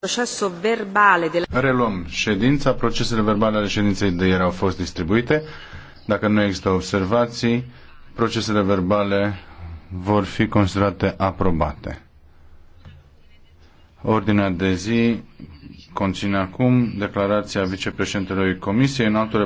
Procesul verbale de la... Reluăm ședința. Procesele verbale ale ședinței de ieri au fost distribuite. Dacă nu există observații, procesele verbale vor fi considerate aprobate. Ordinea de zi conține acum declarația vicepreședintelui Comisiei în altul